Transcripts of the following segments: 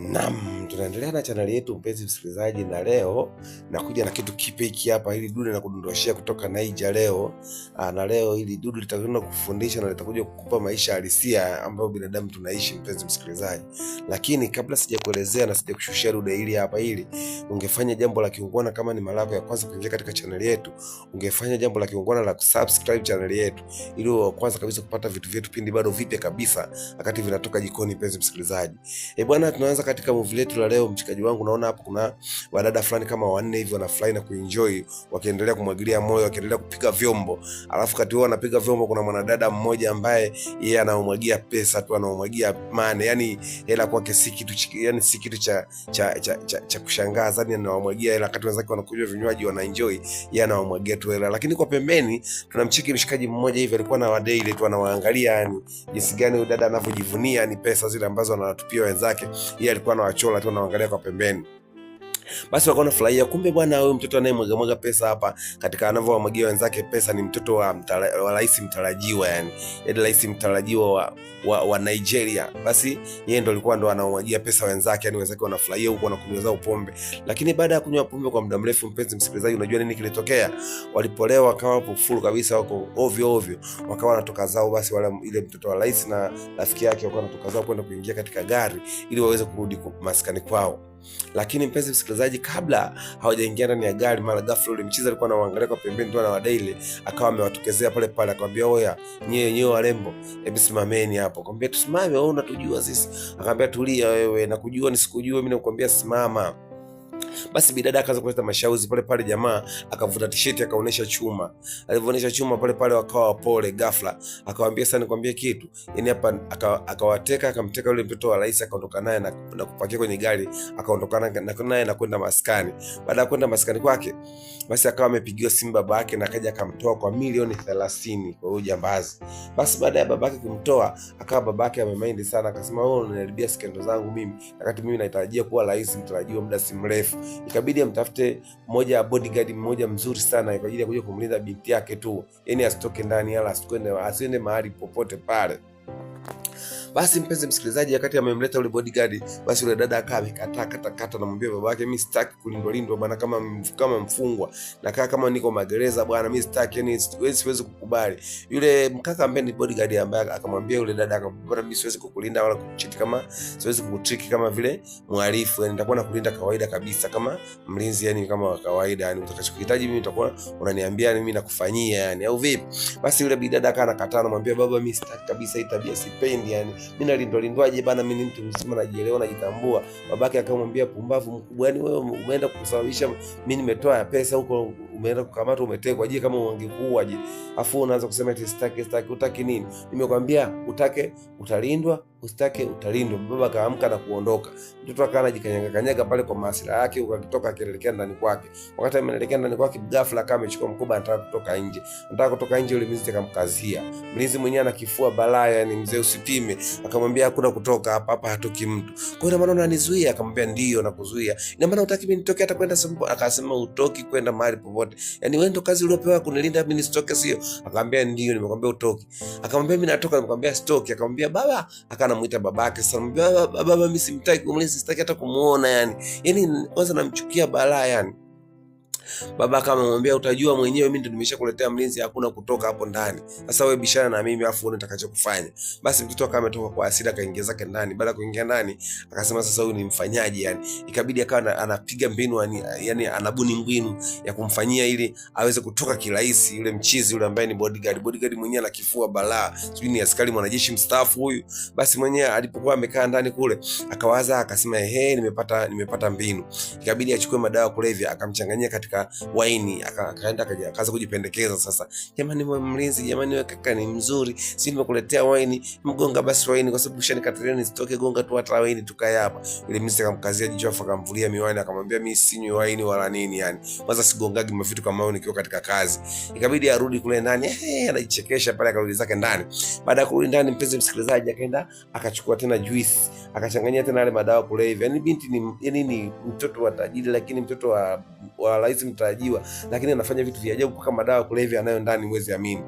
Naam, tunaendelea na chaneli yetu mpenzi msikilizaji, na leo nakuja na kitu kipya hiki hapa. ili dudu na kudondoshia kutoka Naija leo ah, na leo ili dudu litakwenda kufundisha na litakuja kukupa maisha halisia ambayo binadamu tunaishi, mpenzi msikilizaji. Lakini kabla sijakuelezea na sijakushushia dudu hili hapa, hili ungefanya jambo la kiungwana, kama ni mara yako ya kwanza kuingia katika chaneli yetu, ungefanya jambo la kiungwana la kusubscribe chaneli yetu, ili wa kwanza kabisa kupata vitu vyetu pindi bado vipya kabisa, wakati vinatoka jikoni, mpenzi msikilizaji. E bwana, tunaanza katika movie letu la leo, mchikaji wangu, naona hapo kuna wadada fulani kama wanne hivi wanafurahi na kuenjoy, wakiendelea kumwagilia moyo, wakiendelea kupiga vyombo. Alafu kati wao wanapiga vyombo, kuna mwanadada mmoja ambaye yeye yeah, anaomwagia pesa tu, anaomwagia mane, yani hela kwake si kitu, yani si kitu cha cha cha, cha, cha kushangaza, yani anaomwagia hela, wakati wenzake wanakunywa vinywaji wanaenjoy, yeye yeah, anaomwagia tu hela. Lakini kwa pembeni tunamcheki mshikaji mmoja hivi alikuwa na wadai ile tu anawaangalia, yani jinsi gani dada anavyojivunia ni pesa zile ambazo anatupia wenzake yeye alikuwa anawachola wachola tu anaangalia kwa pembeni. Basi wakawa wanafurahia kumbe bwana, huyu mtoto anayemwagamwaga pesa hapa katika anavyowamwagia wenzake pesa ni mtoto wa mtala, wa rais mtarajiwa, yani yani rais mtarajiwa wa, wa, wa Nigeria. Basi yeye ndo alikuwa ndo anaomwagia pesa wenzake, yani wenzake wanafurahia huko wanakunywa zao pombe. Lakini baada ya kunywa pombe kwa muda mrefu, mpenzi msikilizaji, unajua nini kilitokea? Walipolewa wakawa wapo full kabisa, wako ovyo ovyo, wakawa wanatoka zao. Basi wale ile mtoto wa rais na rafiki yake wakawa wanatoka zao kwenda kuingia katika gari ili waweze kurudi maskani kwao. Lakini mpenzi msikilizaji, kabla hawajaingia ndani ya gari, mara ghafla ule mchizi alikuwa anawaangalia kwa pembeni tu na wadaili, akawa amewatokezea pale pale, akamwambia oya, nyewe wenyewe warembo, hebu simameni hapo. Akamwambia tusimame, wewe unatujua sisi? Akamwambia tulia wewe, nakujua nisikujue mimi, nakwambia simama. Basi bidada akaanza kuleta mashauzi pale pale, jamaa akavuta tisheti akaonesha chuma. Alivyoonesha chuma pale pale wakawa wapole, ghafla akawaambia sana, nikwambie kitu yani hapa. Akawateka, aka akamteka yule mtoto wa rais, akaondoka naye na, na kupakia kwenye gari, akaondokana naye na kwenda maskani. Baada ya kwenda maskani kwake, basi akawa amepigiwa simu baba yake, na akaja akamtoa kwa milioni 30 kwa huyo jambazi. Basi baada ya babake kumtoa, akawa babake amemaindi sana, akasema wewe unaniharibia skendo zangu mimi, wakati mimi natarajia kuwa rais mtarajiwa muda si mrefu ikabidi amtafute mmoja bodyguard mmoja mzuri sana kwa ajili ya kuja kumlinda binti yake tu, yani asitoke ndani, ala asiende, asiende mahali popote pale. Basi mpenzi msikilizaji, wakati amemleta ule bodyguard, basi ule dada akaa amekataa kata kata, namwambia baba yake, mimi sitaki kulindwa lindwa bwana, kama kama mfungwa na kaa kama niko magereza bwana, mimi sitaki, yani siwezi siwezi kukubali. Yule mkaka ambaye ni bodyguard ambaye akamwambia yule dada akapata, mimi siwezi kukulinda wala kukuchiti, kama siwezi kukutriki kama vile mhalifu, yani nitakuwa nakulinda kawaida kabisa kama mlinzi, yani kama wa kawaida, yani utakachokuhitaji mimi nitakuwa unaniambia, mimi nakufanyia yani, au vipi? Basi yule bidada akaa anakataa, namwambia baba, mimi sitaki kabisa hii tabia, sipendi yani, yaani, mi nalindwalindwaje bana mi ni mtu mzima najielewa, najitambua. Babake akamwambia pumbavu mkubwa, yani wewe umeenda kusababisha mi nimetoa pesa huko umeenda kukamata, umetekwa. Je, kama je? Afu unaanza kusema eti sitaki, sitaki. Utaki nini? Nimekwambia utake utalindwa, usitake utalindwa. Baba kaamka na kuondoka, mtoto akawa anajikanyaga kanyaga pale kwa maasira yake, ukakitoka akielekea ndani kwake. Wakati ameelekea ndani kwake, ghafla kama amechukua mkoba, anataka kutoka nje, anataka kutoka nje, yule mlinzi akamkazia. Mlinzi mwenyewe anakifua balaa, yani mzee usipime, akamwambia hakuna kutoka hapa, hapa hatoki mtu. Kwa hiyo ina maana unanizuia? Akamwambia ndio, nakuzuia. Ina maana utaki mimi nitoke hata kwenda, akasema utoki kwenda mahali popote wote. Yaani wewe ndo kazi uliopewa kunilinda mimi nisitoke sio? Akamwambia ndio, nimekwambia utoke. Akamwambia mimi natoka, nimekwambia sitoke. Akamwambia baba, akanamuita babake. Sasa baba, baba mimi simtaki kumlezi, sitaki hata kumuona yani. Yaani kwanza namchukia balaa yani. Baba kama amemwambia utajua mwenyewe, mimi ndo nimeshakuletea mlinzi, hakuna kutoka hapo ndani. Sasa wewe bishana na mimi, afu uone unatakachokufanya. Basi mtoto akawa ametoka kwa hasira, akaingia zake ndani. Baada kuingia ndani, akasema sasa huyu ni mfanyaji yani. Ikabidi akawa anapiga mbinu yani, anabuni mbinu ya kumfanyia ili aweze kutoka kirahisi, yule mchizi yule ambaye ni bodyguard. Bodyguard mwenyewe ana kifua balaa, sijui ni askari mwanajeshi mstaafu huyu. Basi mwenyewe alipokuwa amekaa ndani kule, akawaza akasema, ehe, nimepata nimepata mbinu. Ikabidi achukue madawa kulevya, akamchanganyia katika waini akaenda akaanza kujipendekeza sasa, jamani wewe mlinzi, jamani wewe kaka ni mzuri, si nimekuletea waini, mgonga basi waini, kwa sababu shanikatalia nisitoke, gonga tu hata waini tukae hapa. Yule mlinzi akamkazia jicho, akamvulia miwani, akamwambia mimi sinywi waini wala nini, yani kwanza sigongagi mavitu kama hayo nikiwa katika kazi. Ikabidi arudi kule ndani, eh, anajichekesha pale, akarudi zake ndani. Baada ya kurudi ndani, mpenzi msikilizaji, akaenda akachukua tena juice, akachanganyia tena yale madawa kulevya. Yani binti ni yani, ni mtoto wa tajiri, lakini mtoto wa wa rais mtarajiwa, lakini anafanya vitu vya ajabu paka madawa kulevya anayo ndani, huwezi amini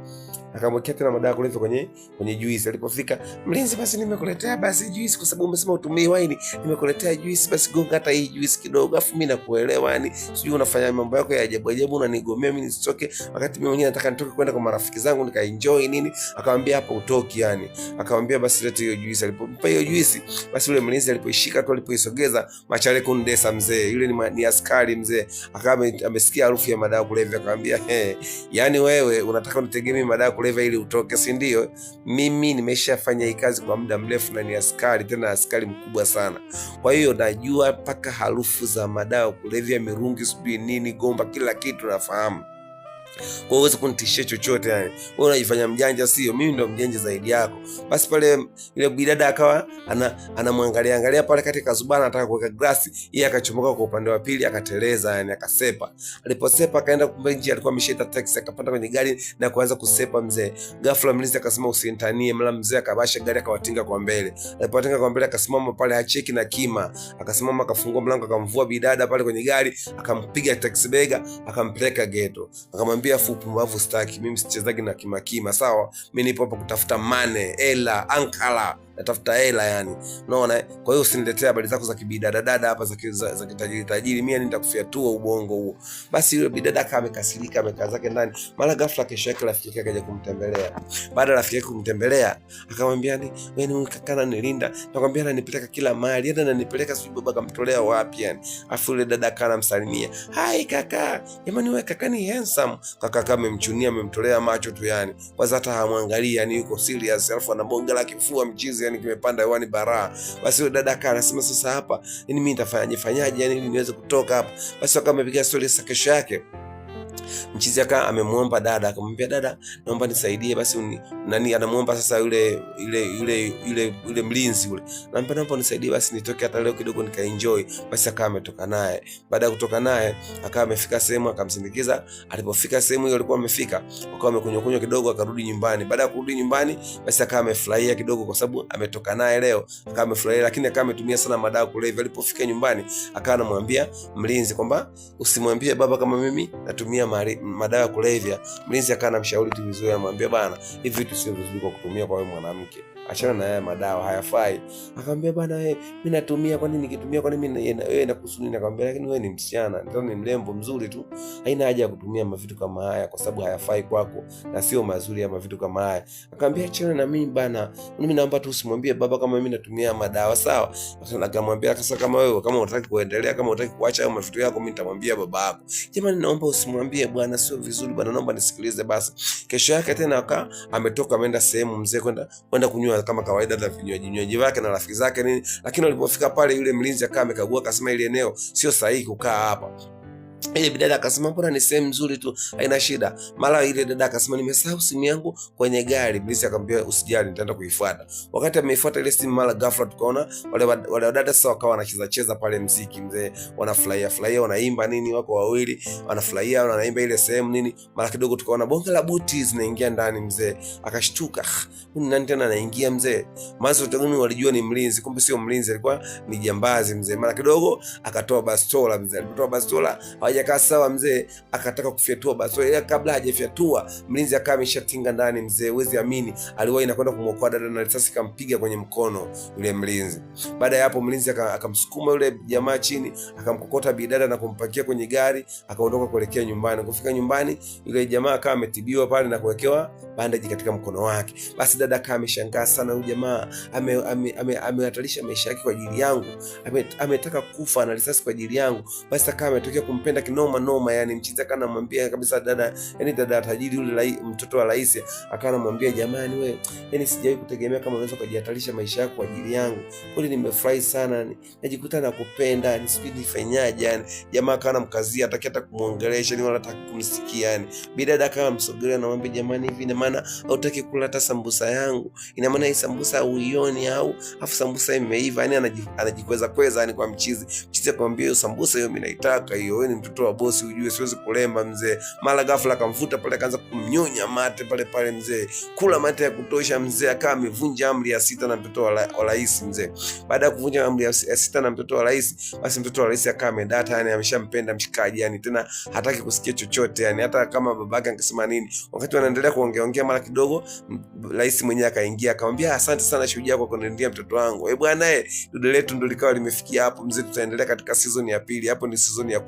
akamwekea tena madawa kulevya kwenye kwenye juisi. Alipofika mlinzi, basi nimekuletea basi juisi kwa sababu umesema utumie waini, nimekuletea juisi, basi gonga hata hii juisi kidogo, afu mimi nakuelewa, yani sijui unafanya mambo yako ya ajabu ajabu, unanigomea mimi nisitoke, wakati mimi mwenyewe nataka nitoke kwenda kwa marafiki zangu nikaenjoy nini. Akamwambia hapa utoki, yani akamwambia basi leta hiyo juisi. Alipompa hiyo juisi, basi yule mlinzi alipoishika tu, alipoisogeza, machale Kundesa mzee yule ni, ni askari mzee, akawa amesikia harufu ya madawa kulevya, akamwambia hey, yani wewe unataka unitegemee madawa kuleva ili utoke, si ndio? Mimi nimeshafanya hii kazi kwa muda mrefu na ni askari, tena askari mkubwa sana. Kwa hiyo najua mpaka harufu za madawa kulevya, mirungi, sijui nini, gomba, kila kitu nafahamu kwa uweze kunitishia chochote yani. Wewe unajifanya mjanja, sio mimi ndo mjanja zaidi yako. Basi pale ile bidada akawa anamwangalia angalia pale kati ya zubana, anataka kuweka glasi, yeye akachomoka kwa upande wa pili akateleza, yani akasepa. Aliposepa akaenda, kumbe nje alikuwa ameshaita taxi, akapanda kwenye gari na kuanza kusepa mzee. Ghafla mlinzi akasema usinitanie, mla mzee akabasha gari akawatinga kwa mbele. Alipowatinga kwa mbele akasimama pale acheki na kima, akasimama akafungua mlango akamvua bidada pale kwenye gari, akampiga taxi bega akampeleka ghetto akamwambia nakwambia fupumbavu staki mimi sichezagi na kimakima sawa mi nipo hapa kutafuta mane ela ankala natafuta hela yani, unaona. Kwa hiyo usiniletee habari zako za kibidadadada hapa za, za, kitajiri tajiri, mimi nitakufyatua ubongo huo. Basi yule bidada kama amekasirika, amekaa zake ndani, mara ghafla kesho yake rafiki yake akaja kumtembelea. Baada rafiki yake kumtembelea, akamwambia ni wewe ni kaka nilinda, nakwambia ananipeleka kila mahali, hata ananipeleka sijui baba akamtolea wapi yani. Afu yule dada kana msalimia, hai kaka, jamani wewe kaka ni handsome. Kaka kama amemchunia amemtolea macho tu yani, kwanza hata hamwangalii yani, yuko serious, alafu anabonga la kifua mchizi yani kimepanda hewani baraa. Basi huyo dada akaa anasema, sasa hapa ini mi fanyaje, yani ili niweze kutoka hapa. Basi wakaa amepiga stori sakesho yake Mchizi aka amemwomba dada, akamwambia dada, naomba nisaidie basi uni, nani anamuomba sasa yule yule yule yule yule mlinzi yule, naomba naomba nisaidie basi nitoke hata leo kidogo nika enjoy Basi akawa ametoka naye. Baada ya kutoka naye, akawa amefika sehemu, akamsindikiza. Alipofika sehemu hiyo alikuwa amefika, akawa amekunywa kidogo, akarudi nyumbani. Baada ya kurudi nyumbani, basi akawa amefurahia kidogo, kwa sababu ametoka naye leo, akawa amefurahia, lakini akawa ametumia sana madawa kulevya. Alipofika nyumbani, akawa anamwambia mlinzi kwamba usimwambie baba kama mimi natumia madawa ya kulevya, mlinzi akawa anamshauri tu vizuri, anamwambia bana, hivi vitu sio vizuri kwa kutumia kwa wewe mwanamke achana na haya madawa hayafai. Akamwambia bana, wewe mimi natumia, kwani nikitumia kwani mimi wewe inakuhusu nini? Akamwambia lakini wewe ni msichana, ndio ni mrembo mzuri tu, haina haja ya kutumia mavitu kama haya kwa sababu hayafai kwako na sio mazuri ya mavitu kama haya. Akamwambia achana na mimi bana, mimi naomba tu usimwambie baba kama mimi natumia madawa, sawa? Akamwambia sasa, kama wewe kama unataka kuendelea, kama unataka kuacha hayo mavitu yako, mimi nitamwambia baba yako. Jamani, naomba usimwambie bwana, sio vizuri bwana, naomba nisikilize basi. Kesho yake tena akaa ametoka ameenda sehemu mzee kwenda kwenda kunywa kama kawaida za vinywaji nywaji wake na rafiki zake nini, lakini walipofika pale, yule mlinzi akawa amekagua akasema, ile eneo sio sahihi kukaa hapa ile bidada akasema mbona ni sehemu nzuri tu, haina shida. Mara ile dada akasema nimesahau simu yangu kwenye gari. Bilisi akamwambia usijali, nitaenda kuifuata. Wakati ameifuata ile simu, mara ghafla tukaona wale wale wadada sasa wakawa wanacheza cheza pale mziki mzee, wanafurahia furahia, wanaimba nini, wako wawili wanafurahia, wanaimba ile sehemu nini. Mara kidogo tukaona bonge la buti zinaingia ndani mzee, akashtuka, huyu ah, nani tena anaingia mzee? Maana tutaguni walijua ni mlinzi, kumbe sio mlinzi, alikuwa ni jambazi mzee. Mara kidogo akatoa bastola mzee, alitoa bastola hajakaa sawa mzee, akataka kufyatua bastola, ila kabla hajafyatua mlinzi akawa ameshatinga ndani. Mzee wezi amini, aliwahi nakwenda kumwokoa dada na risasi kampiga kwenye mkono yule mlinzi. Baada ya hapo, mlinzi akamsukuma yule jamaa chini, akamkokota bidada na kumpakia kwenye gari, akaondoka kuelekea nyumbani. Kufika nyumbani, yule jamaa akawa ametibiwa pale na kuwekewa bandaji katika mkono wake. Basi dada kaa ameshangaa sana, huyu jamaa amehatarisha ame, ame, ame maisha yake kwa ajili yangu, ametaka ame kufa na risasi kwa ajili yangu. Basi akaa ametokea kumpenda kinoma noma, yani mchizi akaa namwambia kabisa dada, yani dada tajiri yule mtoto wa rais akaa anamwambia jamani, wewe yani sijawahi kutegemea kama unaweza kujihatarisha maisha yako kwa ajili yangu, kweli nimefurahi sana, najikuta nakupenda, ni yaani sijui nifanyaje. Yani jamaa akaa anamkazia, hataki hata kumwongelesha ni yaani wala hata kumsikia, yani bidada akaa msogelea, anamwambia jamani hivi na maana hautaki kula hata sambusa yangu, ina maana hii sambusa uioni au afu sambusa imeiva. Yani anajikweza kweza, yani kwa mchizi mchizi akamwambia hiyo sambusa hiyo mimi naitaka hiyo, wewe ni mtoto wa bosi, ujue siwezi kulemba mzee. Mara ghafla akamvuta pale, akaanza kumnyonya mate pale pale mzee, kula mate ya kutosha mzee, akawa amevunja amri ya sita na mtoto wa rais mzee. Baada ya kuvunja amri ya sita na mtoto wa rais, basi mtoto wa rais akawa amedata, yani ameshampenda mshikaji, yani tena hataki kusikia chochote, yani hata kama babake angesema nini, wakati wanaendelea kuongea Tukaongea mara kidogo, rais mwenyewe akaingia akamwambia, ah, asante sana shujaa kwa kunilindia mtoto wangu. Eh bwana, eh, dude letu ndo likawa limefikia hapo. Mzee, tutaendelea katika sizoni ya pili. Hapo ni season ya